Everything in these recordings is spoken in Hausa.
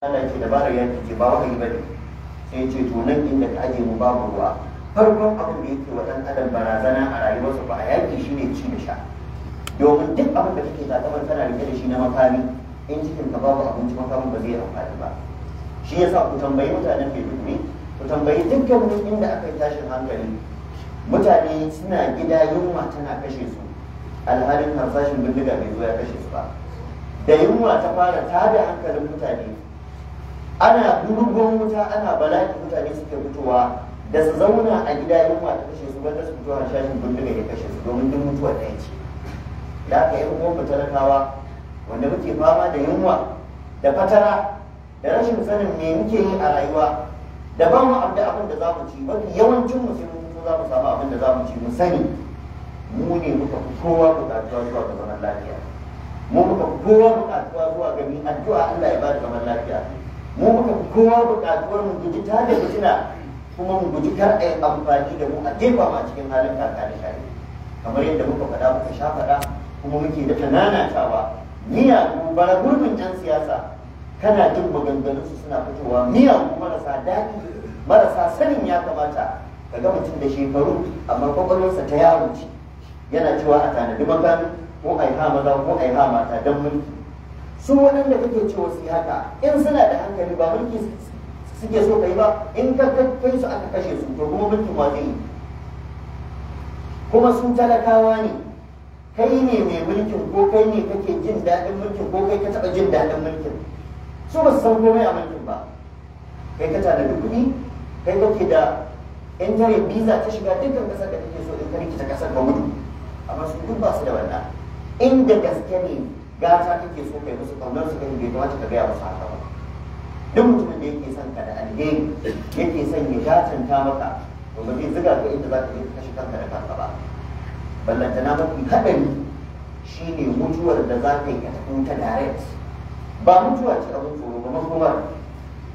Allah ce dabarar yaki ke, ba wahayi ne, sai ce to nan inda ka aje mu babu ruwa farkon abin da yake wa dan adam barazana a rayuwarsa ba a yaki ne ci da sha domin duk abin da kake zaɓar tana rike da shi na makami in cikin ka babu abinci makamin ba zai amfani ba shi ya sa ku tambayi mutanen Maiduguri ku tambayi dukkan wani inda aka yi tashin hankali mutane suna gida yunwa tana kashe su alhalin harsashin bindiga bai zo ya kashe su ba da yunwa ta fara tada hankalin mutane ana gurgun wuta ana bala'i mutane suke mutuwa da su zauna a gida yunwa ta kashe su wanda su fito a shashin bindiga ya kashe su domin duk mutuwa ta ce da aka yi mu talakawa wanda muke fama da yunwa da fatara da rashin sanin me muke yi a rayuwa da ba mu abda abin da za ci mafi yawancin mu sai mun fito za mu samu abin da za ci mu sani mu ne muka fi kowa buƙatuwa zuwa ga zaman lafiya mu muka fi kowa buƙatuwa zuwa ga addu'a Allah ya bada zaman lafiya mu muka fi kowa buƙatuwar mu guji ta da fitina kuma mu guji kar a yi amfani da mu a jefa ma cikin halin kaka da shari kamar yadda muka faɗa muka sha faɗa kuma muke da tananatawa miyagu bara gurbin 'yan siyasa kana jin su suna fitowa Miyan, marasa daɗi marasa sanin ya kamata ka ga mutum da shekaru amma kwakwalwarsa ta yaro ce yana cewa a tanadi makami ko a yi ha maza ko a yi ha mata don mulki su waɗanda kake cewa su haka in suna da hankali ba mulki suke so kai ba in ka kai su aka kashe su to kuma mulkin wa zai kuma su talakawa ne kai ne mai mulkin ko kai ne kake jin daɗin mulkin ko kai ka taɓa jin daɗin mulkin su ba su san komai a mulkin ba kai ka tana da kuɗi kai kake da yan tare biza ta shiga dukkan ƙasar da kake so in ka rikita ƙasar ba gudu amma su duk ba su da wannan inda gaske ne gata kake so kai musu kaunar su kan gaita kamata ka gaya musu haka ba duk mutumin da yake son ka da alheri yake son ya gatanta maka to ba zai ziga ka inda za ka yi ka kashe kanka da kanka ba na mafi haɗari shine mutuwar da za ka yi a cikin ta direct ba mutuwa ce abin tsoro ba makomar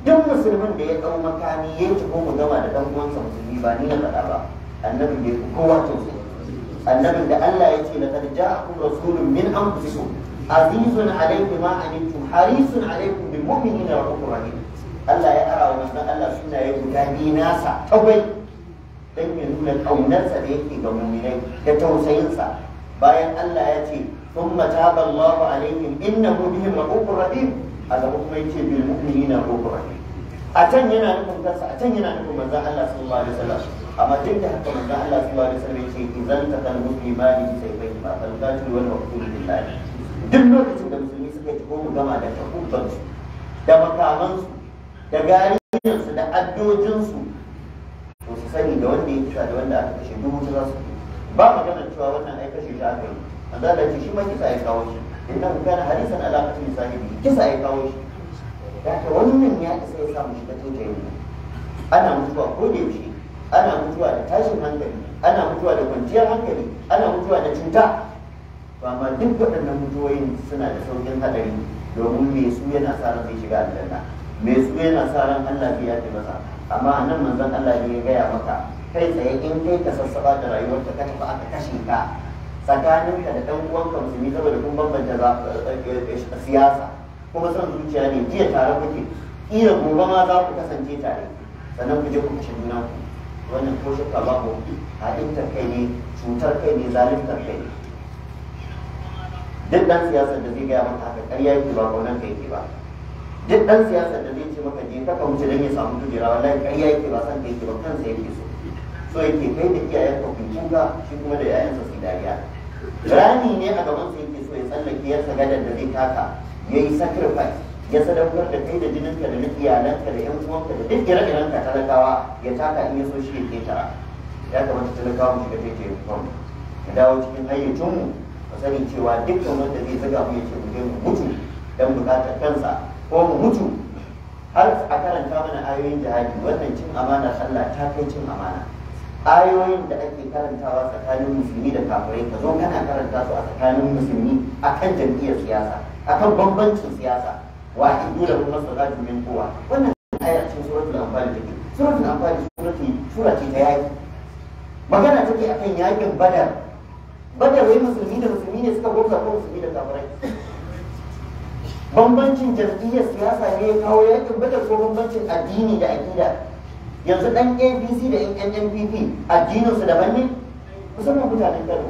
duk musulmin da ya ɗau makami ya ci ko mu gama da ɗan uwansa musulmi ba ni na faɗa ba annabin da ya fi kowa tausayi annabin da Allah ya ce na a kun rasulun min an so. azizun alaikum ma anittum harisun alaikum bil mu'minina ra'ufur rahim Allah ya ara wa manzon Allah suna ya guda biyu nasa dan ya nuna kaunarsa da yake ga mu'minai da tausayinsa bayan Allah ya ce sun thumma taba Allahu alaihim innahu bihim ra'ufur rahim Allah kuma yace bil mu'minina ra'ufur rahim a can yana nufin kansa a can yana nufin manzon Allah sallallahu alaihi wasallam amma duk da haka manzo Allah sallallahu alaihi wasallam yake idan ta kalmu imani sai bai ba, kan gaji wani wal maqtul billahi duk lokacin da musulmi suka yi mu gama da takubansu da makamansu da gariyansu da addojinsu to su sani da wanda ya kisa da wanda aka kashe duk wuta za su ba magana cewa wannan ai kashe shi aka yi A da ce shi ma kisa ya kawo shi in ka kana harisan ala qatl sahibi kisa ya kawo shi Da ta wannan ya isa ya samu shiga yi ana mutuwa ko da yaushe ana mutuwa da tashin hankali ana mutuwa da kwanciyar hankali ana mutuwa da cuta to amma duk waɗannan mutuwoyin suna da saukin haɗari domin mai su yana sa ran zai shiga aljanna mai su yana sa ran Allah zai yafe masa amma nan manzon Allah ne ya gaya maka kai tsaye in kai ka sassaba da rayuwar ka tafi aka kashe ka tsakanin ka da ɗan uwanka musulmi saboda kun bambanta eh, siyasa kuma son zuciya ne jiya tare kuke iya gobe ma za ku kasance tare sannan ku je ku kashe junanku wannan ko shakka babu haɗin kai ne cutar kai ne zaluntar kai duk dan siyasar da zai gaya maka haka ƙarya yake ba ko ka yake ba duk dan siyasar da zai ce maka je ka ka wuce dan ya samu kujera wallahi ƙarya yake ba san ka yake ba kansa yake so so yake kai da iyayen ka kun shi kuma da 'ya'yansa su dariya rani ne a gaban sa yake so ya tsallake sa gadar da zai taka yayi sacrifice ya sadaukar da kai da jininka da na iyalanka da yan ka da duk ire ka talakawa ya taka in ya so shi ya ketara ya kamata talakawa mu shiga taitai mu dawo cikin hayyacinmu sanin cewa dukkan wanda zai zaga mu yace mu je mu mutu dan bukatar kansa ko mu mutu har a karanta mana ayoyin jihadi wannan cin amana sallah ta kai cin amana ayoyin da ake karantawa tsakanin musulmi da kafirai ka zo kana karanta su a tsakanin musulmi akan jam'iyyar siyasa akan bambancin siyasa wa dole da kuma salatu min kowa wannan aya cikin suratul anfal take suratul anfal surati surati ta yaki magana take akan yakin badar bada wai musulmi da musulmi ne suka gurga ko musulmi da kafirai bambancin jam'iyyar siyasa ne ya kawo yakin bada ko bambancin addini da aƙida yanzu ɗan abc da yan npp addininsu daban ne musamman mutanen kano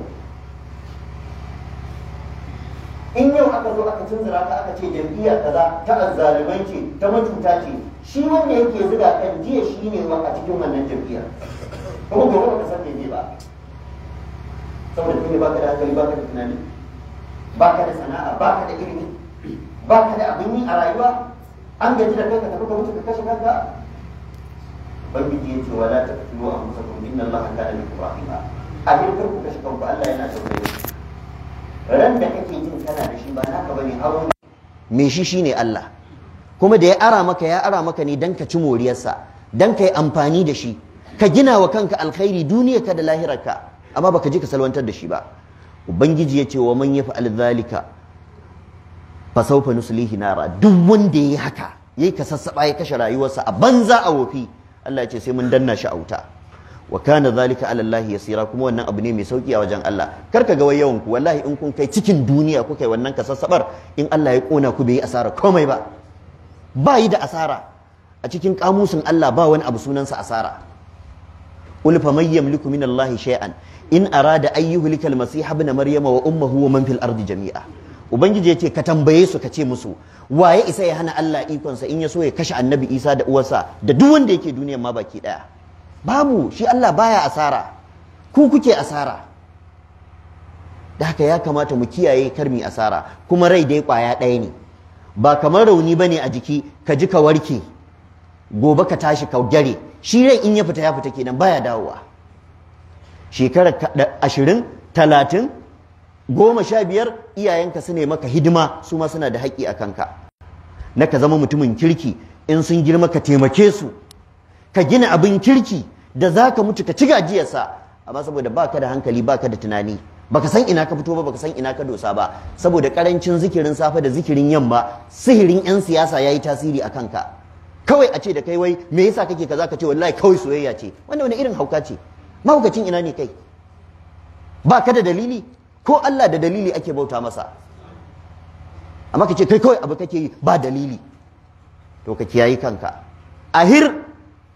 in yau aka zo aka cin ka aka ce jam'iyya kaza ta azzalumai ce ta matuta ce shi wanda yake zuga kan jiya shine a cikin wannan jam'iyyar kuma gobe ba ka san ne ba saboda kai ne baka da hankali baka da tunani baka da sana'a baka da ilimi baka da abin yi a rayuwa an gaji da kanka tafi ka wuce, ka kashe kanka ubangiji ya ce wala taqtulu anfusakum inna allaha kana bikum rahima abin kar ku kashe kanku Allah yana da ran da kake jin kana da shi ba naka bane hawan me shi shine Allah kuma da ya ara maka ya ara maka ne dan ka ci moriyarsa dan ka yi amfani da shi ka gina wa kanka alkhairi duniyarka da lahirarka amma baka ji ka salwantar da shi ba ubangiji ya ce wa man yaf'al zalika fa sawfa nuslihi nara duk wanda yayi haka yayi ka sassaba ya kashe rayuwarsa a banza a wofi Allah yace ce sai mun danna shi a wuta wa kana zalika ala Allah yasira kuma wannan abu ne mai sauki a wajen Allah kar ka ga wai yawan ku wallahi in kun kai cikin duniya ku kai wannan kasassabar in Allah ya kona ku bai asara komai ba ba yi da asara a cikin kamusin Allah ba wani abu sunansa asara qul fa may yamliku min shay'an in arada ayyuhu likal al-masih ibn maryama wa ummuhu wa man fil ardi jami'a ubangiji yace ka tambaye su ka ce musu waye isa ya hana Allah ikon sa in ya so ya kashe annabi Isa da uwarsa da duk wanda yake duniyar ma baki daya babu shi Allah baya asara ku kuke asara da haka ya kamata mu kiyaye kar mi asara kuma rai dai kwaya ɗaya ne ba kamar rauni bane a jiki ka ji ka warke gobe ka tashi ka gyare shi rai in ya fita ya fita kenan baya dawowa shekarar ashirin talatin goma sha biyar iyayenka su ne maka hidima su ma suna da haƙƙi a kanka na ka zama mutumin kirki in sun girma ka taimake su ka gina abin kirki da za ka mutu ka ci gajiyarsa amma saboda ba ka da hankali ba ka da tunani baka san ina ka fito ba baka san ina ka dosa ba saboda karancin zikirin safe da zikirin yamma sihirin 'yan siyasa ya yi tasiri a kanka kawai a ce da kai wai me yasa kake kaza ka ce wallahi kawai soyayya ce wannan wani irin hauka ce mahaukacin ina ne kai ba ka da dalili ko Allah da dalili ake bauta masa amma ka kai kawai abu kake yi ba dalili to ka kiyayi kanka ahir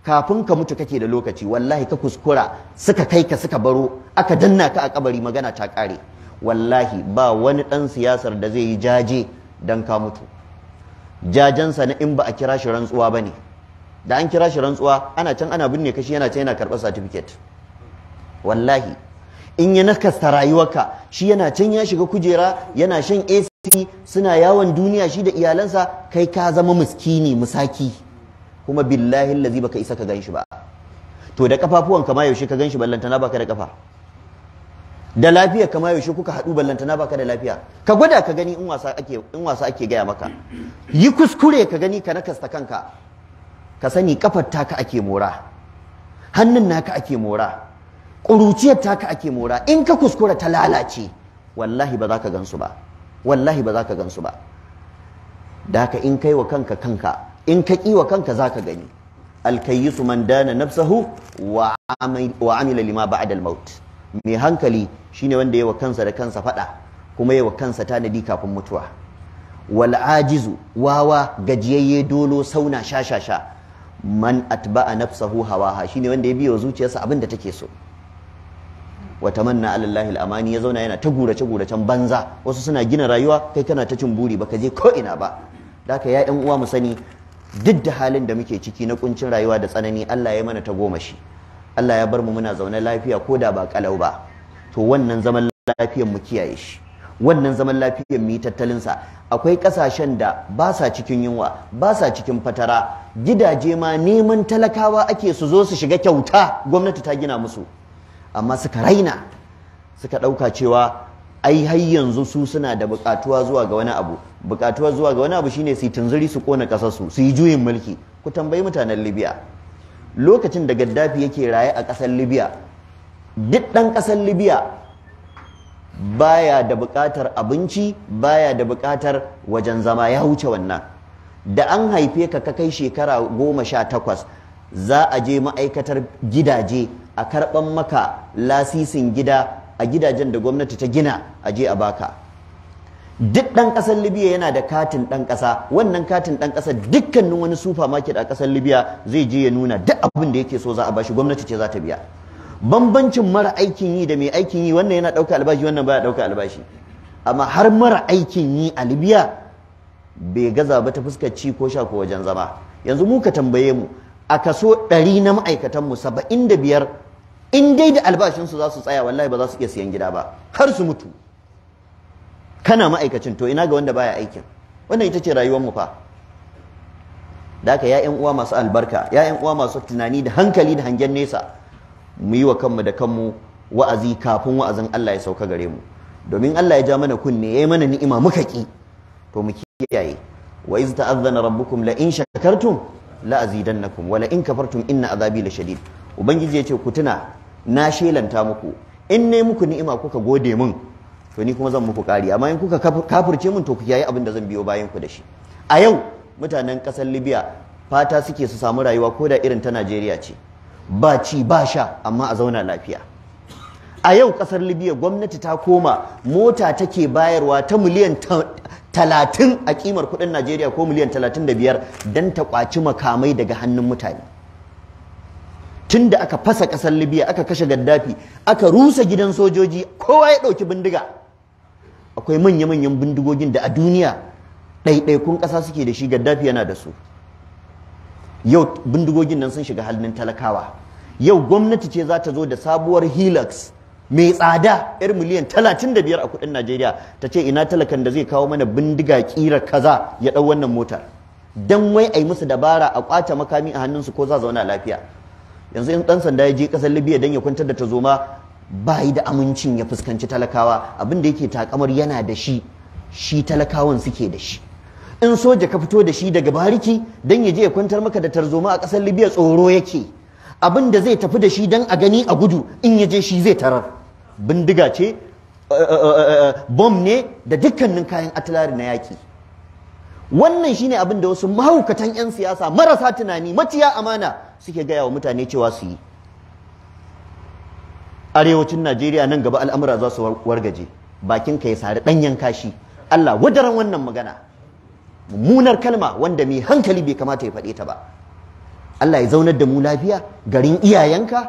kafin ka mutu kake da lokaci wallahi ka kuskura suka kai ka suka baro aka danna ka a kabari magana ta kare wallahi ba wani dan siyasar da zai yi jaje dan ka mutu jajansa na in ba a kira shi rantsuwa ba ne da an kira shi rantsuwa ana can ana binne kashi yana can yana karɓar certificate wallahi in ya nakasta rayuwarka shi yana can ya shiga kujera yana shan AC suna yawon duniya shi da iyalansa kai ka zama muskini musaki kuma billahi lazi baka isa ka gan shi ba to da kafafuwanka ma yaushe ka ganshi ballantana baka da kafa da lafiya kamar yaushe kuka haɗu ballantana baka da lafiya ka gwada ka gani in wasa ake in wasa ake gaya maka yi kuskure ka gani ka nakasta kanka ka sani kafar taka ake mora hannun naka ake mora ƙuruciyar taka ake mora in ka kuskura ta lalace wallahi ba za ka gansu ba wallahi ba za ka gansu ba da ka in kai wa kanka kanka in ka ƙi wa kanka za ka gani alkayyisu man dana nafsahu wa amila lima ba'da al-maut mai hankali shine wanda wa kansa da kansa fada kuma yawa kansa tanadi kafin mutuwa wal ajizu wawa gajiyayye dolo sauna shashasha man atba'a nafsahu hawaha shine wanda ya biyo zuciyarsa abinda take so wa tamanna ala al amani ya zauna yana ta gurace guracen banza wasu suna gina rayuwa kai kana ta cin buri baka je ko ina ba daka ya yan uwa mu sani duk da halin da muke ciki na kuncin rayuwa da tsanani Allah ya mana ta goma shi Allah ya bar mu muna zaune lafiya ko da ba kalau ba to wannan zaman lafiyar mu kiyaye shi wannan zaman lafiyar mu yi tattalin sa akwai kasashen da ba sa cikin yunwa ba sa cikin fatara gidaje ma neman talakawa ake su zo su shiga kyauta gwamnati ta gina musu amma suka raina suka dauka cewa ai har yanzu su suna da bukatuwa zuwa ga wani abu bukatuwa zuwa ga wani abu shine su tunzuri su kona kasar su su yi juyin mulki ku tambayi mutanen Libya lokacin da gaddafi yake raye a ƙasar libya duk ɗan ƙasar libya baya da buƙatar abinci baya da buƙatar wajen zama ya huce wannan da an haife ka ka kai shekara goma sha takwas za a je ma'aikatar gidaje a karɓan maka lasisin gida a gidajen da gwamnati ta gina a je a baka duk ɗan ƙasar libya yana da katin ɗan ƙasa wannan katin ɗan ƙasa dukkanin wani supermarket a ƙasar libya zai je ya nuna duk abin da yake so za a bashi gwamnati ce za ta biya bambancin mara aikin yi da mai aikin yi wannan yana ɗauka albashi wannan baya ɗauka albashi amma har mara aikin yi a libya bai gaza ba ta fuskar ci ko sha ko wajen zama yanzu mu ka tambaye mu a kaso ɗari na ma'aikatan mu saba'in da biyar in dai da albashinsu za su tsaya wallahi ba za su iya siyan gida ba har su mutu kana ma'aikacin to ina ga wanda baya aikin wannan ita ce rayuwar mu fa da haka ya'yan uwa masu albarka ya'yan uwa masu tunani da hankali da hangen nesa mu yi wa kanmu da kanmu wa'azi kafin wa'azin Allah ya sauka gare mu domin Allah ya ja mana kunne yayi mana ni'ima muka ki to mu kiyaye wa iz ta'azzana rabbukum la in shakartum la azidannakum wa la in kafartum inna azabi lashadid ubangiji ya ce ku tuna na shelanta muku in ne muku ni'ima kuka gode mun to ni kuma zan muku kari amma in kuka kafirce min to ku yayi abin da zan biyo bayan ku da shi a yau mutanen kasar Libya fata suke su samu rayuwa ko da irin ta Najeriya ce ba ci ba sha amma a zauna lafiya a yau kasar Libya gwamnati ta koma mota take bayarwa ta miliyan talatin a kimar kudin Najeriya ko miliyan talatin da biyar don ta kwaci makamai daga hannun mutane tun da aka fasa kasar Libya aka kashe Gaddafi aka rusa gidan sojoji kowa ya ɗauki bindiga akwai manya-manyan bindigogin da a duniya ɗaiɗaikun ƙasa suke da shi gaddafi yana da su yau bindigogin nan sun shiga halin talakawa yau gwamnati ce za ta zo da sabuwar helix mai tsada yar miliyan 35 a kudin najeriya ta ce ina talakan da zai kawo mana bindiga kira kaza ya ɗau wannan motar dan wai a yi musu dabara a kwace makami a hannunsu ko za zauna lafiya yanzu in ɗan sanda ya je ƙasar libya don ya kwantar da ta zoma ba da amincin ya fuskanci talakawa abin da yake takamar yana da shi shi talakawan suke da shi in soja ka fito da shi daga bariki don ya je ya kwantar maka da tarzoma a ƙasar libya tsoro yake abin da zai tafi da shi don a gani a gudu in ya je shi zai tarar bindiga ce eh, eh, eh, bom ne da dukkanin kayan atilari na yaƙi wannan shine abin da wasu mahaukatan 'yan siyasa marasa tunani maciya amana suke gaya wa mutane cewa su yi arewacin Najeriya nan gaba al'amura za su wargaje bakin ka ya sari ɗanyen kashi Allah wadaran wannan magana mummunar kalma wanda mai hankali bai kamata ya faɗe ta ba Allah ya zaunar da mu lafiya garin iyayenka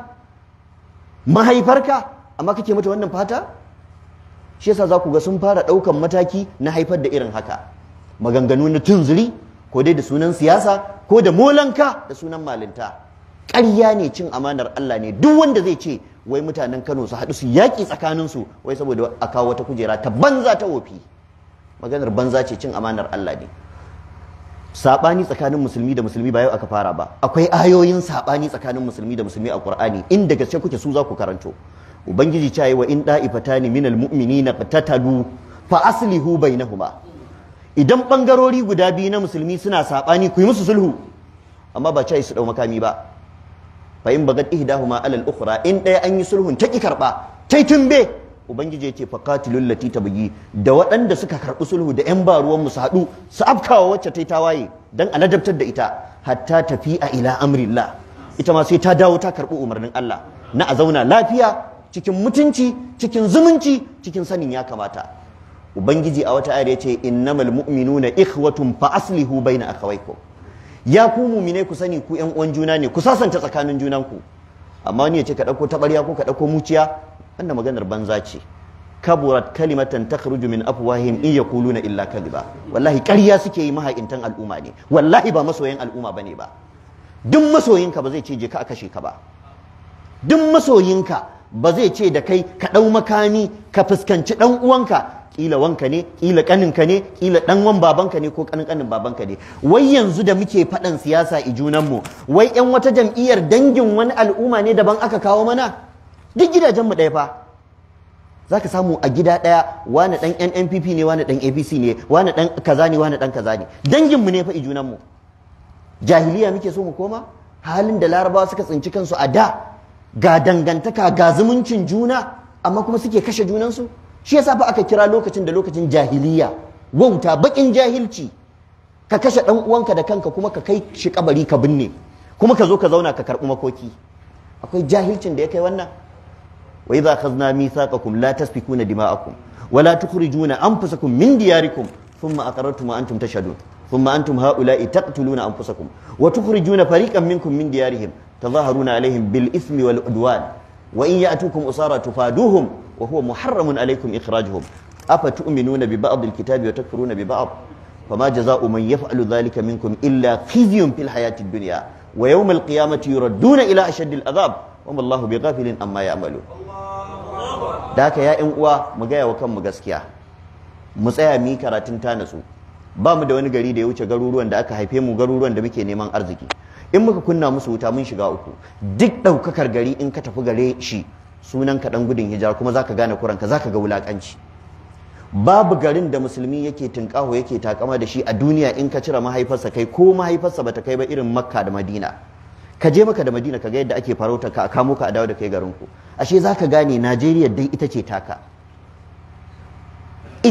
mahaifarka amma kake mata wannan fata shi yasa za ku ga sun fara ɗaukan mataki na haifar da irin haka maganganu na tunzuri ko dai da sunan siyasa ko da molanka da sunan malinta ƙarya ne cin amanar Allah ne duk wanda zai ce wai mutanen Kano su haɗu su yaƙi tsakaninsu wai saboda a kawo wata kujera ta banza ta wofi maganar banza ce cin amanar Allah ne Saɓani tsakanin musulmi da musulmi ba yau aka fara ba akwai ayoyin saɓani tsakanin musulmi da musulmi a in inda gaske kuke su za ku karanto ubangiji ta yi wa in ne minal na qatatalu fa aslihu bainahuma idan bangarori guda biyu na musulmi suna saɓani, ku yi musu sulhu amma ba cai su ɗau makami ba fa in bagat ihdahuma alal ukhra in ɗaya an yi sulhun ta ki karba tai tumbe ubangiji ya ce fa qatilul ta bugi?" da waɗanda suka karɓi sulhu da yan baruwan mu su haɗu su afkawa wacce yi tawaye dan aladabtar da ita hatta tafi a ila amrillah ita ma sai ta dawo ta karbi umarnin Allah na a zauna lafiya cikin mutunci cikin zumunci cikin sanin ya kamata ubangiji a wata ayar ya ce innamal mu'minuna ikhwatun fa aslihu baina akhawaykum ya ku ne ku sani ku yan uwan juna ne ku sasanta tsakanin ku amma ni yace ka dauko tabarya ko ka dauko muciya wannan maganar banza ce kaburat kalimatan takhruju min afwahim in yaquluna illa kadhiba wallahi ƙarya suke yi maha'intan al'umma ne wallahi ba masoyin al'umma bane ba duk masoyinka ba zai ce je ka a kashe ka ba duk masoyinka ba zai ce da kai ka dau makami ka fuskanci dan uwanka kila wanka ne kila kaninka ne kila dan wan babanka ne ko kanin kanin babanka ne wai yanzu da muke faɗan siyasa i junanmu wai yan wata jam'iyyar dangin wani al'umma ne daban aka kawo mana duk gidajen mu ɗaya fa zaka samu a gida ɗaya wani dan NNPP ne wani dan APC ne wani dan kaza ne wani dan kaza ne dangin ne fa i junanmu jahiliya muke so mu koma halin da larabawa suka tsinci kansu a da ga dangantaka ga zumuncin juna amma kuma suke kashe junansu shi yasa fa aka kira lokacin da lokacin jahiliya wauta bakin jahilci ka kashe dan uwanka da kanka kuma ka kai shi kabari ka binne kuma ka zo ka zauna ka karbi makoki akwai jahilcin da ya kai wannan wa idza khazna mithaqakum la tasfikuna dima'akum wa la tukhrijuna anfusakum min diyarikum thumma aqarrtum wa antum tashhadun thumma antum ha'ula'i taqtuluna anfusakum wa tukhrijuna fariqan minkum min diyarihim تظاهرون عليهم بالإثم والعدوان وإن يأتوكم أسارى تفادوهم wa huwa muharramun alaikum ikhrajuhum afa tu'minuna bi ba'd alkitabi wa takfuruna bi ba'd fama jazaa'u man yaf'alu dhalika minkum illa khizyun fil hayati ad-dunya wa yawm duna yuradduna ila ashaddi al'adab wa ma Allahu bighafilin amma ya'malu da haka ya 'yan uwa mu gaya wa kanmu gaskiya mu tsaya mu karatun tanatsu. ba mu da wani gari da ya wuce garuruwan da aka haife mu garuruwan da muke neman arziki in muka kunna musu wuta mun shiga uku duk ɗaukakar gari in ka tafi gare shi sunan ka dan gudun hijira kuma zaka gane kuranka zaka ga wulakanci babu garin da musulmi yake tinkaho yake takama da shi a duniya in ka cire mahaifarsa kai ko mahaifarsa bata kai ba irin makka da madina ka je maka da madina ka ga yadda ake farauta ka a kamo ka a dawo da kai garin ku ashe zaka gane najeriya dai ita ce taka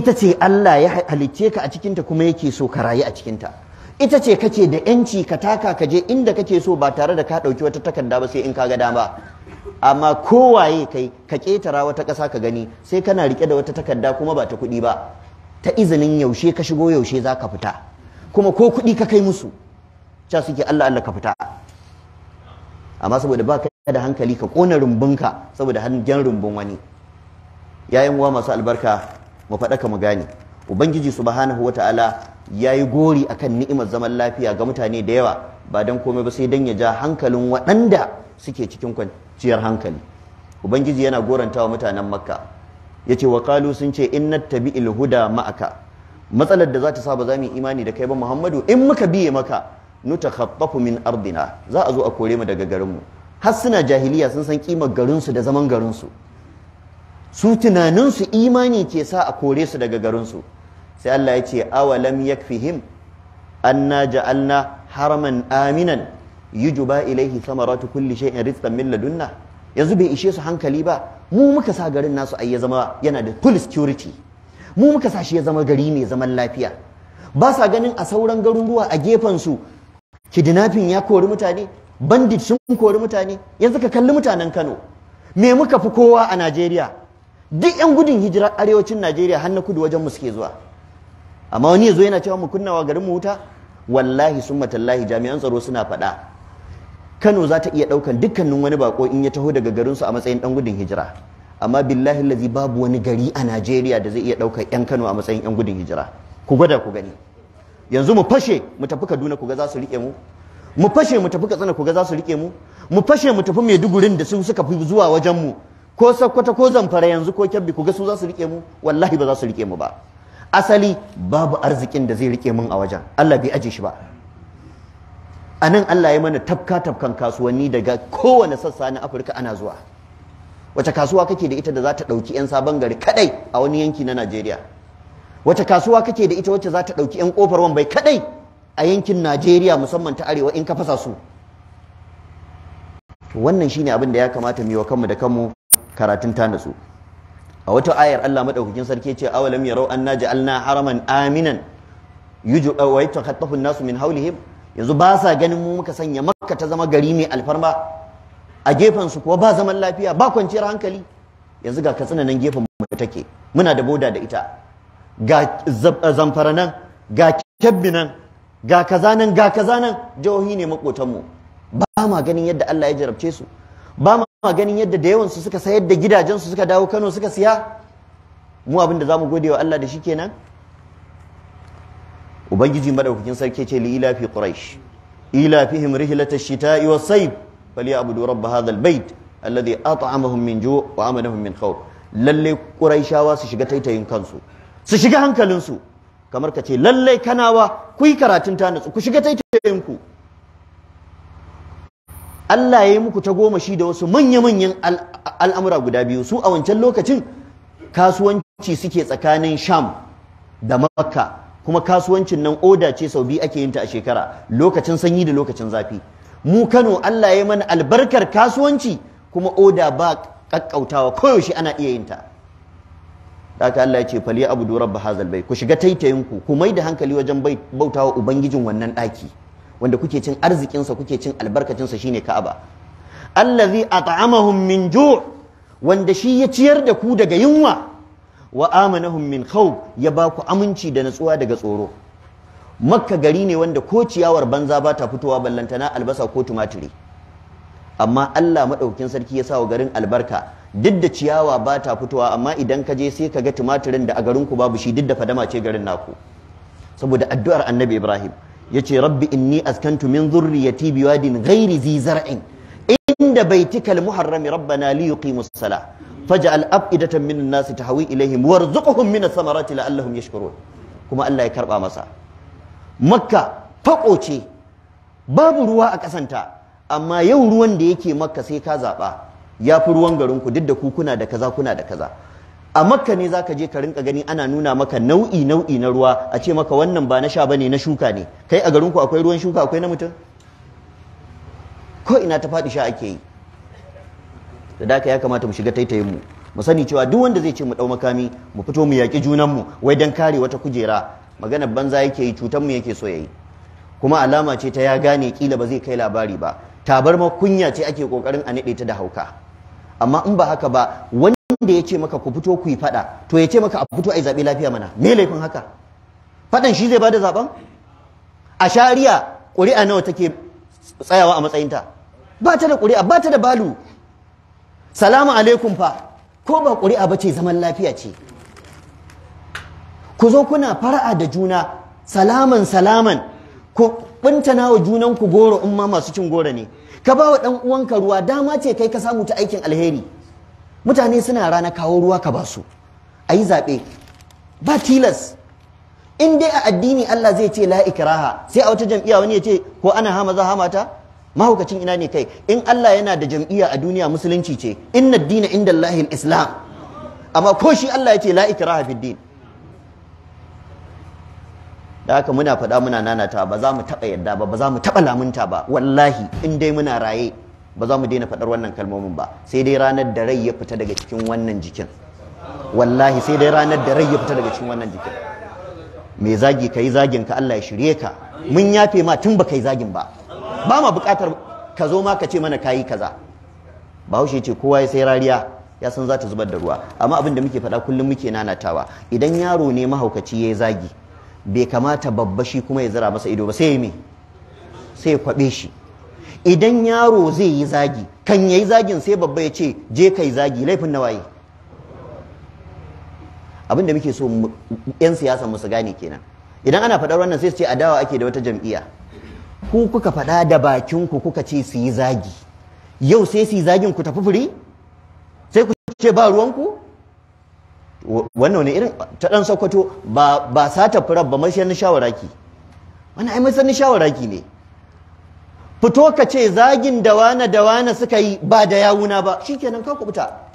ita ce allah ya halicce ka a cikinta kuma yake so ka rayu a cikinta ita ce kake da yanci ka taka ka je inda kake so ba tare da ka ɗauki wata takarda ba sai in ka ga dama amma kowaye kai ka ƙetara wata ƙasa ka gani sai kana rike da wata takarda kuma ba ta kuɗi ba ta izinin yaushe ka shigo yaushe za ka fita kuma ko kuɗi ka kai musu ca suke Allah Allah ka fita amma saboda ba ka da hankali ka ƙona rumbunka saboda hangen rumbun wani yayin uwa masu albarka mu faɗa ka mu gane ubangiji subhanahu wataala yi gori akan ni'imar zaman lafiya ga mutane da yawa ba don komai ba sai dan ya ja hankalin waɗanda suke cikin ciyar hankali ubangiji yana goranta wa mutanen makka ya ce wa sun ce in bi ilhuda ma'aka matsalar da za ta saba ba imani da kai ba muhammadu in muka biye maka nuta khaffafu min ardina za a zo a kore mu daga garinmu har suna jahiliya sun san kimar garinsu da zaman garinsu su tunaninsu imani ke sa a kore su daga garinsu sai Allah ya ce awalam yakfihim anna ja'alna haraman aminan yujba ilaihi thamaratu kulli shay'in rizqan min ladunna yanzu bai ishe su hankali ba mu muka sa garin nasu ai ya zama yana da full security mu muka sa shi ya zama gari mai zaman lafiya ba sa ganin a sauran garuruwa a gefen su kidnapping ya kori mutane bandit sun kori mutane yanzu ka kalli mutanen Kano me muka fi kowa a Najeriya duk yan gudun hijirar arewacin Najeriya har na kudu wajen mu suke zuwa amma wani yazo yana cewa mu kunnawa garin mu wuta wallahi sun matallahi jami'an tsaro suna faɗa Kano za ta iya ɗaukan dukkanin wani bako in ya taho daga garinsu a matsayin ɗan gudun hijira amma billahi lazi babu wani gari a Najeriya da zai iya ɗaukar 'yan Kano a matsayin 'yan gudun hijira ku gwada ku gani yanzu mu fashe mu tafi Kaduna ku ga za su riƙe mu mu fashe mu tafi Katsina ku ga za su riƙe mu mu fashe mu tafi Maiduguri da su suka fi zuwa wajen mu ko Sokoto ko Zamfara yanzu ko Kebbi ku ga su za su riƙe mu wallahi ba za su riƙe mu ba asali babu arzikin da zai riƙe mun a wajen Allah bai aje shi ba a nan Allah ya mana tafka tafkan kasuwanni daga kowane sassa na Afirka ana zuwa wace kasuwa kake da ita da za ta ɗauki 'yan sabon gari kadai a wani yanki na Najeriya wace kasuwa kake da ita wacce za ta ɗauki 'yan ƙofar wambai kadai a yankin Najeriya musamman ta arewa in ka fasa su wannan shine abin da ya kamata mu yi wa kanmu da kanmu karatun ta nasu a wata ayar Allah madaukakin sarki ce awalam yarau anna ja'alna haraman aminan yuju wa yatakhatafu an-nasu min hawlihim yanzu ba sa ganin mu muka sanya makka ta zama gari mai alfarma a gefen su kuwa ba zaman lafiya ba kwanciyar hankali yanzu ga katsina nan gefen mu take muna da boda da ita ga zamfara nan ga kyabbi nan ga kaza nan ga kaza nan jihohi ne makotanmu ba ma ganin yadda Allah ya jarabce su ba ma ganin yadda da yawan su suka sayar da gidajen su suka dawo Kano suka siya mu abinda da zamu gode wa Allah da shi kenan ubangiji madaukakin sarki ce li ila fi quraish ila fihim rihlata shita'i was sayf falyabudu rabb hadha albayt alladhi at'amahum min ju' wa amanahum min khawf lalle quraishawa su shiga taitayin kansu su shiga hankalinsu kamar ka ce lalle kanawa ku yi karatun ta nutsu ku shiga taitayin ku Allah ya yi muku ta goma shi da wasu manya-manyan al'amura guda biyu su a wancan lokacin kasuwanci suke tsakanin Sham da Makka kuma kasuwancin nan oda ce sau biyu ake yin ta a shekara lokacin sanyi da lokacin zafi mu Kano Allah ya mana albarkar kasuwanci kuma oda ba kakkautawa koyaushe ana iya yin ta haka Allah ya ce fali abudu rabb hazal bai ku shiga taitayin ku ku mai da hankali wajen bautawa ubangijin wannan daki wanda kuke cin arzikinsa kuke cin albarkacin sa shine Ka'aba allazi at'amahum min ju' wanda shi ya ciyar da ku daga yunwa wa amanahum min khawf ya ba ku aminci da natsuwa daga tsoro makka gari ne wanda ko ciyawar banza ba ta fitowa ballantana albasa ko tumatiri amma Allah madaukin sarki ya sa wa garin albarka duk da ciyawa ba ta fitowa amma idan ka je sai ka ga tumatirin da a garin ku babu shi duk da fadama ce garin naku saboda addu'ar annabi Ibrahim yace rabbi inni askantu min zurriyati biwadin ghairi zi zar'in inda baitikal muharrami rabbana li yuqimus salah faj'al af'idatan minan nasi tahwi ilaihim warzuqhum minas samarati la'allahum yashkurun kuma Allah ya karba masa makka fakoce ce babu ruwa a kasanta amma yau ruwan da yake makka sai ka zaba yafi ruwan garin ku duk da ku kuna da kaza kuna da kaza a makka ne zaka je ka rinka gani ana nuna maka nau'i nau'i na ruwa a ce maka wannan ba na sha bane na shuka ne kai a garin ku akwai ruwan shuka akwai na mutum ko ina ta faɗi sha ake yi da daka ya kamata mu shiga taitayin mu mu sani cewa duk wanda zai ce mu dau makami mu fito mu yaki junan mu wai dan kare wata kujera magana banza yake yi cutan mu yake so yayi kuma alama ce ta ya gane kila ba zai kai labari ba Tabarmakunya kunya ce ake kokarin a nade ta da hauka amma in ba haka ba wanda ya ce maka ku fito ku yi fada to ya ce maka a fito ai zabe lafiya mana me laifin haka fadan shi zai bada zaben a shari'a ƙuri'a nawa take tsayawa a matsayinta ba ta da ƙuri'a ba ta da balu salamu alaikum fa ko ba ƙuri'a ba ce zaman lafiya ce ku zo kuna fara'a da juna salaman salaman ku nawa wa junanku goro in ma masu cin goro ne ka ba wa ɗan uwanka ruwa dama ce kai ka samu ta aikin alheri mutane suna rana kawo ruwa ka ba su a yi zaɓe ba tilas in dai a addini Allah zai ce la ikraha sai a wata jam'iyya wani ya ce ko ana hama za hama ta mahaukacin ina ne kai in Allah yana da jam'iyya a duniya musulunci ce inna dina inda Allahin islam amma ko shi Allah ya ce la ikraha din da aka muna faɗa muna nanata ba za mu taɓa yadda ba ba za mu taɓa lamunta ba wallahi in dai muna raye ba za mu daina faɗar wannan kalmomin ba sai dai ranar da rai ya fita daga cikin wannan jikin wallahi sai dai ranar da rai ya fita daga cikin wannan jikin mai zagi ka yi zagin ka Allah ya shirye ka mun yafe ma tun ba ka yi zagin ba ba ma buƙatar ka zo ma ka ce mana kayi kaza bahaushe ce kowa ya sai rariya ya san za ta zubar da ruwa amma abin da muke faɗa kullum muke nanatawa idan yaro ne mahaukaci ya zagi bai kamata babba shi kuma ya zira masa ido ba sai ya me sai ya kwaɓe shi idan yaro zai yi zagi kan yayi zagin sai babba ya ce je kai zagi laifin na waye abin da muke so 'yan siyasa musu gane kenan idan ana faɗar wannan sai su ce adawa ake da wata jam'iyya ku kuka faɗa da bakinku kuka ce su yi zagi yau sai su yi zagin ku tafi fure sai ku ce ba ruwanku wannan ne irin ta ɗan sokoto ba sata fura ba mashiyan shawara ki wannan ai masanin shawara ki ne fito ka ce zagin dawana dawana suka yi ba da yawuna ba shikenan ka kubuta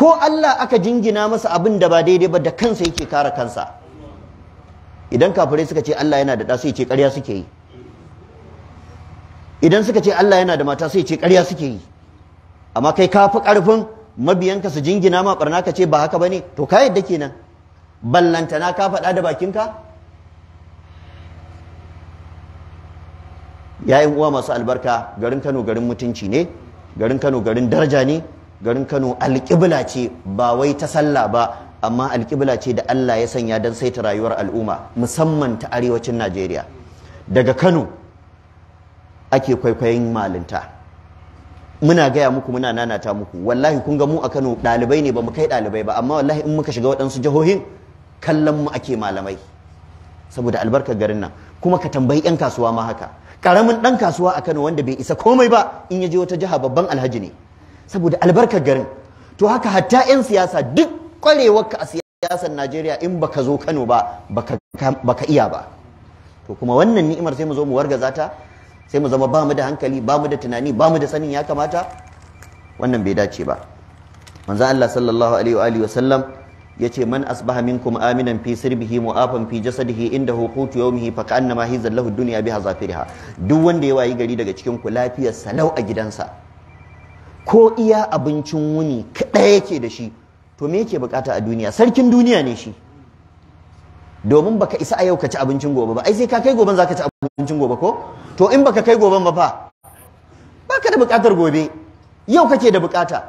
ko Allah aka jingina masa abin da ba daidai ba da kansa yake kare kansa idan kafirai suka ce Allah yana da da su ce ƙarya suke yi idan suka ce Allah yana da mata sai ce ƙarya suke yi amma kai ka fi ƙarfin mabiyanka su jingina ma ɓarna ka ce ba haka bane to ka yadda kenan ballantana ka faɗa da bakinka yayin uwa masu albarka garin Kano garin mutunci ne garin Kano garin daraja ne garin Kano alƙibla ce ba wai ta sallah ba amma alƙibla ce da Allah ya sanya don saita rayuwar al'umma musamman ta arewacin Najeriya daga Kano ake kwaikwayon malinta muna gaya muku muna nanata muku wallahi kun ga mu a Kano ɗalibai ne ba mu kai ɗalibai ba amma wallahi in muka shiga waɗansu jihohin kallon mu ake malamai saboda albarkar garin nan kuma ka tambayi 'yan kasuwa ma haka karamin ɗan kasuwa a Kano wanda bai isa komai ba in ya je wata jiha babban alhaji ne saboda albarkar garin to haka hatta 'yan siyasa duk ka a siyasar Najeriya in baka zo Kano ba baka iya ba to kuma wannan ni'imar sai mu zo mu wargaza ta sai mu zama ba mu da hankali ba mu da tunani ba mu da sanin ya kamata wannan bai dace ba manzo Allah sallallahu alaihi wa alihi yace man asbaha minkum aminan fi sirbihi mu'afan fi jasadihi inda qutu yawmihi fa ma hizal lahu dunya biha zafiriha duk wanda ya wayi gari daga cikin ku lafiyar salau a gidansa ko iya abincin wuni kada yake da shi to me yake bukata a duniya sarkin duniya ne shi domin baka isa a yau ka ci abincin gobe ba ai sai ka kai goben zaka ci abincin gobe ko to in baka kai goben ba fa baka da bukatar gobe yau kake da bukata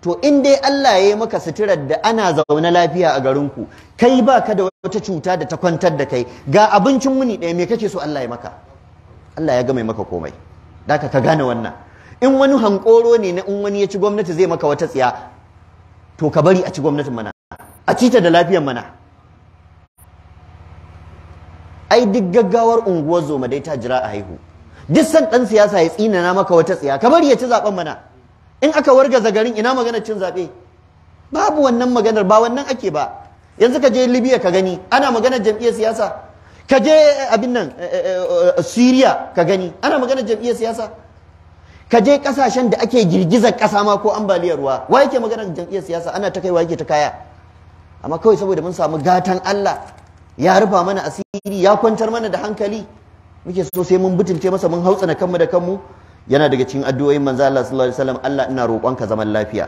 to in dai Allah ya yi maka suturar da ana zaune lafiya a garin ku, kai baka da wata cuta da ta kwantar da kai ga abincin muni ɗaya me kake so Allah ya maka Allah ya gama maka komai daka ka gane wannan in wani hankoro ne na in wani ya ci gwamnati zai maka wata tsiya to ka bari a ci gwamnatin mana a ci ta da lafiyar mana ai duk gaggawar unguwar zoma dai ta jira a haihu duk san dan siyasa ya tsinana maka wata tsiya kamar ya ci zaben mana in aka warga zagarin ina maganar cin zabe babu wannan maganar ba wannan ake ba yanzu ka je Libya ka gani ana maganar jam'iyyar siyasa ka je eh, abin nan eh, eh, Syria ka gani ana maganar jam'iyyar siyasa ka je kasashen da ake girgizar kasa ma ko ambaliyar ruwa wa yake maganar jam'iyyar siyasa ana ta kai wa yake ta kaya amma kawai saboda mun samu gatan Allah ya rufa mana asiri ya kwantar mana da hankali muke so sai mun butunce masa mun na kanmu da kanmu yana daga cikin addu'o'in manzo Allah sallallahu alaihi wasallam Allah ina roƙonka zaman lafiya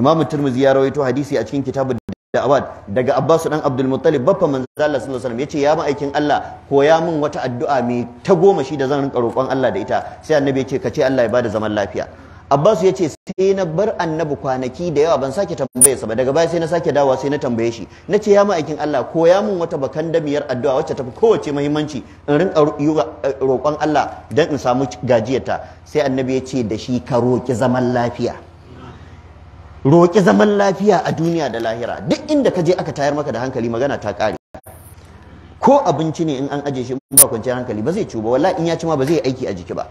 Imam Tirmidhi ya rawaito hadisi a cikin kitabud da'awat daga Abbas dan Abdul Muttalib baffa manzo Allah sallallahu alaihi wasallam yace ya ma'aikin Allah koya min wata addu'a mai ta goma shi da zan roƙon Allah da ita sai annabi yace kace Allah ya bada zaman lafiya Abbas ya ce sai na bar annabi kwanaki da yawa ban sake tambaye sa ba daga baya sai na sake dawa sai na tambaye shi na ce ya aikin Allah ko ya mun wata bakan damiyar addu'a wacce tafi kowace muhimmanci in rinka eh, roƙon Allah dan in samu gajiyarta sai annabi ya ce da shi ka roƙi zaman lafiya roƙi zaman lafiya a duniya da lahira duk inda ka je aka tayar maka da hankali magana ta ƙare ko abinci ne in an aje shi ba kwanciyar hankali ba zai ciwo ba wallahi in ya ci ma ba zai aiki a jiki ba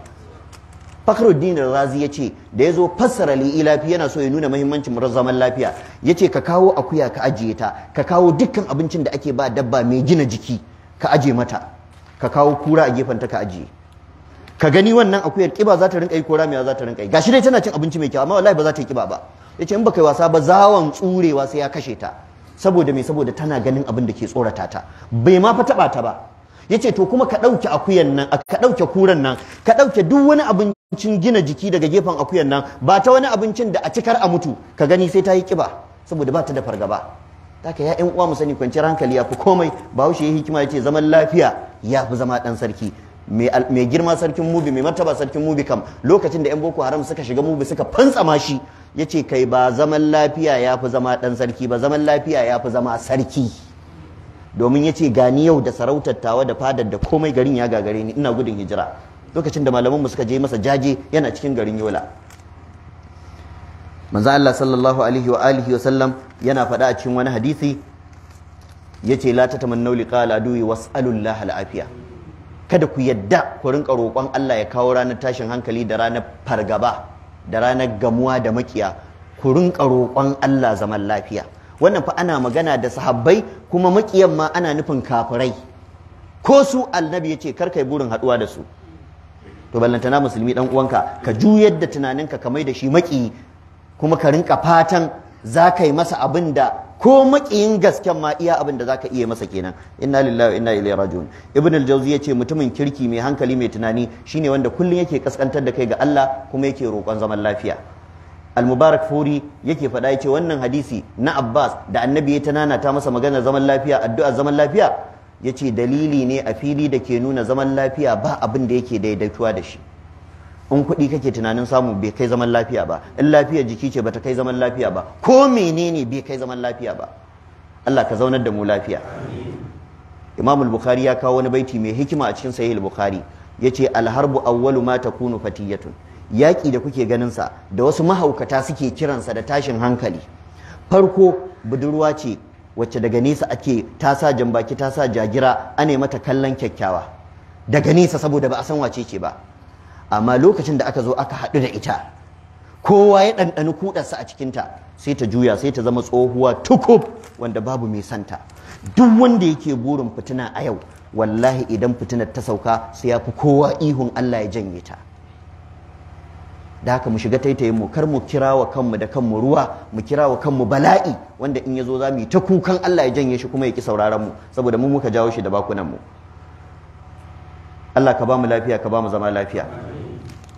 Fakhruddin Razi ce da ya zo fassara lii lafiya yana so ya nuna muhimmancin zaman lafiya yace ka kawo akuya ka ajiye ta ka kawo dukkan abincin da ake ba dabba mai gina jiki ka aje mata ka kawo kura a gefen ta ka ajiye ka gani wannan akuyar kiba za ta rinka yi ko ramewa za ta rinka yi gashi dai tana cin abinci mai kyau amma wallahi ba za ta yi kiba ba yace in baka yi wasa ba zawon tsurewa sai ya kashe ta saboda me saboda tana ganin abin da ke tsorata ta bai ma fa taba ta ba yace to kuma ka dauke akuyan nan ka dauke kuran nan ka dauke duk wani abin abincin gina jiki daga gefen akuyan nan ba ta wani abincin da a cikar a mutu ka gani sai ta yi kiba saboda ba ta da fargaba taka ya yan uwa mu sani kwanciyar hankali ya fi komai Ba bahaushe ya hikima ya ce zaman lafiya ya fi zama dan sarki mai girma sarkin mubi mai martaba sarkin mubi kam lokacin da yan boko haram suka shiga mubi suka fantsama shi ya ce kai ba zaman lafiya ya fi zama dan sarki ba zaman lafiya ya fi zama sarki domin ya ce gani yau da sarautar tawa da fadar da komai garin ya gagare ni ina gudun hijira lokacin da malaman mu suka je masa jaje yana cikin garin yola manzo Allah sallallahu alaihi wa alihi wa sallam yana faɗa a cikin wani hadisi yace la tatamannu liqa al-adui was'alullaha al-afiya kada ku yadda ku rinka roƙon Allah ya kawo ranar tashin hankali da ranar fargaba da ranar gamuwa da makiya ku rinka roƙon Allah zaman lafiya wannan fa ana magana da sahabbai kuma makiyan ma ana nufin kafirai ko su annabi yace kar kai burin haɗuwa da su to ballantana musulmi dan uwanka ka juyar da tunaninka ka mai da shi maki kuma ka rinka fatan za ka yi masa abin da ko makiyin gasken ma iya abin da za ka iya masa kenan inna lillahi inna ilaihi raji'un ibn al-jawzi yace mutumin kirki mai hankali mai tunani shine wanda kullun yake kaskantar da kai ga Allah kuma yake roƙon zaman lafiya al-mubarak furi yake faɗa yace wannan hadisi na Abbas da annabi ya tanana ta masa magana zaman lafiya addu'a zaman lafiya ya ce dalili ne a fili da ke nuna zaman lafiya ba abin da yake daidaituwa da shi in kuɗi kake tunanin samu bai kai zaman lafiya ba in lafiyar jiki ce bata kai zaman lafiya ba ko menene bai kai zaman lafiya ba Allah ka zaunar da mu lafiya Imam al-Bukhari ya kawo wani baiti mai hikima a cikin Sahih al-Bukhari yace al-harbu awwalu ma takunu fatiyatun yaki da kuke ganin sa da wasu mahaukata suke kiransa da tashin hankali farko budurwa ce wacce daga nesa ake ta sa jambaki ta sa jagira ane mata kallon kyakkyawa daga nesa saboda ba a san wace ce ba amma lokacin da aka zo aka haɗu da ita kowa ya ɗanɗani kuɗarsa a cikinta sai ta juya sai ta zama tsohuwa tukub wanda babu mai santa duk wanda yake burin fitina a yau wallahi idan fitinar ta sauka sai ya fi kowa ihun Allah ya janye ta da haka mu shiga taitaye mu kar mu kira wa kanmu da kanmu ruwa mu kira wa kanmu bala'i wanda in ya zo za mu yi ta kukan Allah ya janye shi kuma ya ki sauraron mu saboda mu muka jawo shi da bakunan mu Allah ka bamu lafiya ka bamu zama lafiya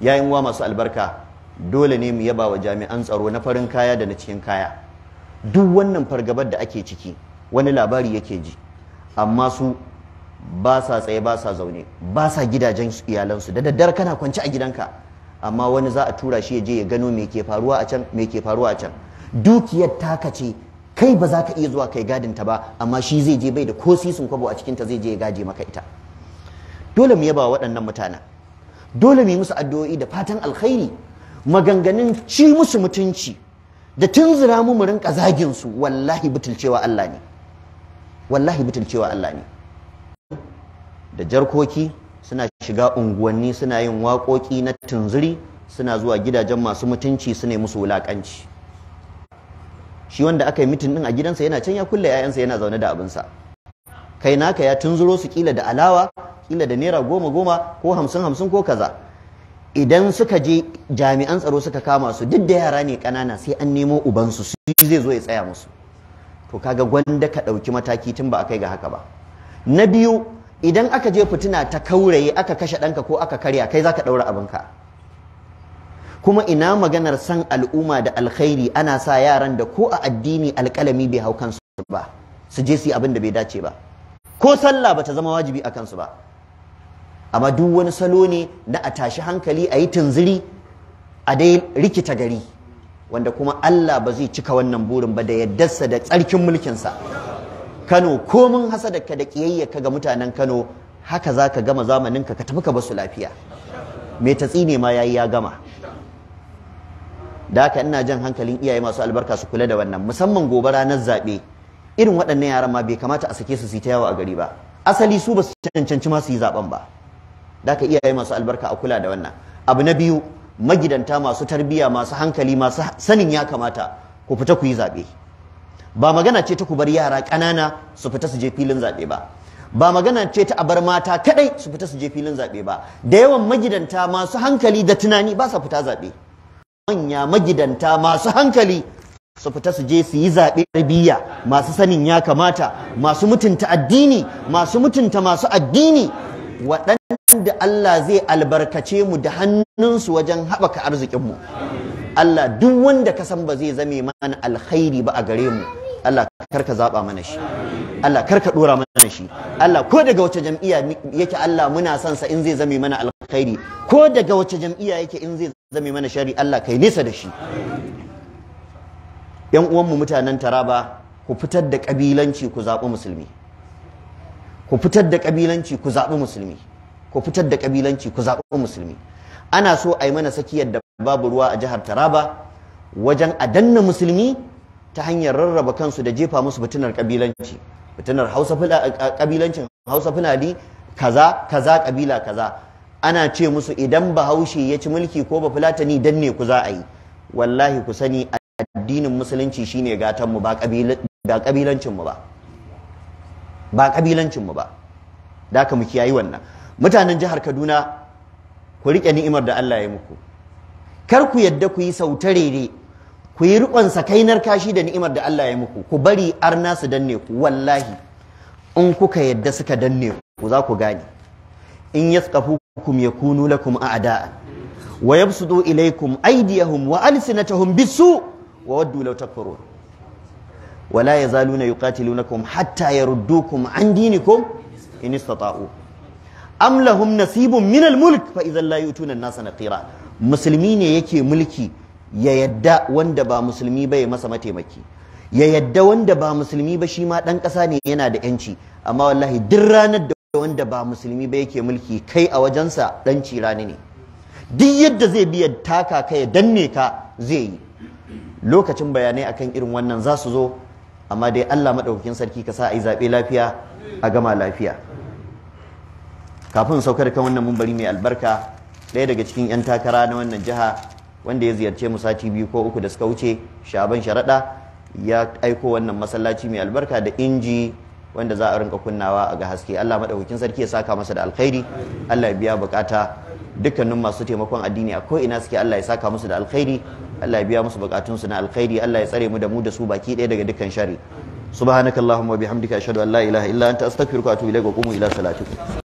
yayin wa masu albarka dole ne mu yaba wa jami'an tsaro na farin kaya da na cikin kaya duk wannan fargabar da ake ciki wani labari yake ji amma su ba sa tsaye ba sa zaune ba sa gidajen iyalansu da daddare kana kwance a gidanka amma wani za a tura shi ya je ya gano me ke faruwa a can me ke faruwa a can dukiyar taka ce kai ba za ka iya zuwa kai gadin ta ba amma shi zai je bai da ko sisin kwabo a cikin ta zai je ya gaje maka ita dole mu yaba waɗannan mutanen dole mu yi musu addu'o'i da fatan alkhairi maganganun ci musu mutunci da tunzura mu mu rinka zagin su wallahi butulcewa Allah ne wallahi butulcewa Allah ne da jarkoki shiga unguwanni suna yin waƙoƙi na tunziri suna zuwa gidajen masu mutunci su ne musu wulaƙanci shi wanda aka yi mitin din a gidansa yana can ya kulle 'ya'yansa yana zaune da abinsa kai naka ya tunzuro su kila da alawa kila da naira goma goma ko hamsin hamsin ko kaza idan suka je jami'an tsaro suka kama su duk da yara ne ƙanana sai an nemo ubansu su zai zo ya tsaya musu to kaga gwanda ka ɗauki mataki tun ba a kai ga haka ba na biyu idan aka je fitina ta kauraye aka kashe ɗanka ko aka karya kai za ka ɗaura abinka kuma ina maganar san al'umma da alkhairi ana sa yaran da ko a addini alkalami bai hau kansu ba su je su yi abin da bai dace ba ko sallah ba ta zama wajibi a kansu ba amma duk wani salo ne na a tashi hankali a yi tunziri a dai rikita gari wanda kuma Allah ba zai cika wannan burin ba da yaddarsa da tsarkin mulkinsa. Kano ko komin hasadarka da ka ga mutanen Kano haka zaka gama zamanin ka tafi ka basu lafiya me ta tsine ma yayi ya gama da haka ina jan hankalin iyaye masu albarka su kula da wannan musamman gobe ranar zaɓe irin waɗannan yaran ma bai kamata a sake su su ta yawo a gari ba asali su ba su cancanci ma su yi zaɓen ba da haka iyaye masu albarka a kula da wannan abu na biyu magidanta masu tarbiyya masu hankali masu sanin ya kamata ku fita ku yi zaɓe ba magana ce ta ku bar yara ƙanana su fita su je filin zaɓe ba ba magana ce ta abar mata kaɗai, su fita su je filin zaɓe ba da yawan magidanta masu hankali da tunani ba sa fita zaɓe manya magidanta masu hankali su fita su je su yi zaɓe tarbiyya masu sanin ya kamata masu mutunta addini masu mutunta masu addini waɗanda Allah zai albarkace mu da hannunsu wajen haɓaka arzikinmu Allah duk wanda ka san ba zai zame mana alkhairi ba a gare mu Allah karka zaba mana shi Allah karka dora mana shi Allah ko daga wace jam'iyya yake Allah muna son sa in zai zame mana alkhairi ko daga wace jam'iyya yake in zai zame mana shari Allah kai nisa da shi yan uwanmu mutanen Taraba ku fitar da kabilanci ku zabi musulmi ku fitar da kabilanci ku zabi musulmi ku fitar da kabilanci ku zabi musulmi ana so a yi mana sakiyar da babu ruwa a jihar Taraba wajen a danna musulmi ta hanyar rarraba kansu da jefa musu fitinar kabilanci fitinar hausa kabilancin hausa fulani kaza kaza kabila kaza ana ce musu idan bahaushe ya ci mulki ko ba fulatani dan ne ku za a yi wallahi ku sani addinin musulunci shine gatan mu ba kabilancin mu ba ba kabilancin mu ba da ka mu kiyayi wannan mutanen jihar Kaduna ku rike ni'imar da Allah ya muku kar ku yadda ku yi sautarere Kuyi yi riƙonsa kai narkashi da ni'imar da Allah ya muku ku bari arna su danne ku wallahi in kuka yadda suka danne ku za ku gane in ya kum ya kunu lakum a ada'a wa ya su ilaikum aidiyahum wa alsinatahum bisu wa waddu law takfuru wa la yazaluna yuqatilunakum hatta yaruddukum an dinikum in istata'u am lahum nasibun min al-mulk fa idhan la yutuna an-nasa naqira musulmi ne yake mulki ya yadda wanda ba musulmi ba ya masa mataimaki ya yadda wanda ba musulmi ba shi ma ɗan ƙasa ne yana da yanci amma wallahi duk ranar da wanda ba musulmi ba yake mulki kai a wajensa ɗan rani ne duk yadda zai biya taka ka ya danne ka zai yi lokacin bayanai akan irin wannan za su zo amma dai Allah maɗaukakin sarki ka sa a yi zaɓe lafiya a gama lafiya kafin saukar kan wannan mun bari mai albarka ɗaya daga cikin 'yan takara na wannan jiha wanda ya ziyarce mu sati biyu ko uku da suka wuce shaban sharaɗa ya aiko wannan masallaci mai albarka da inji wanda za a rinka kunnawa a ga haske Allah madaukakin sarki ya saka masa da alkhairi Allah ya biya bukata dukkanin masu taimakon addini a ina suke Allah ya saka musu da alkhairi Allah ya biya musu bukatunsu na alkhairi Allah ya tsare mu da mu da su baki ɗaya daga dukkan shari subhanakallahumma wa bihamdika ashhadu an la ilaha illa anta astaghfiruka wa atubu ilaik wa qumu ila salatikum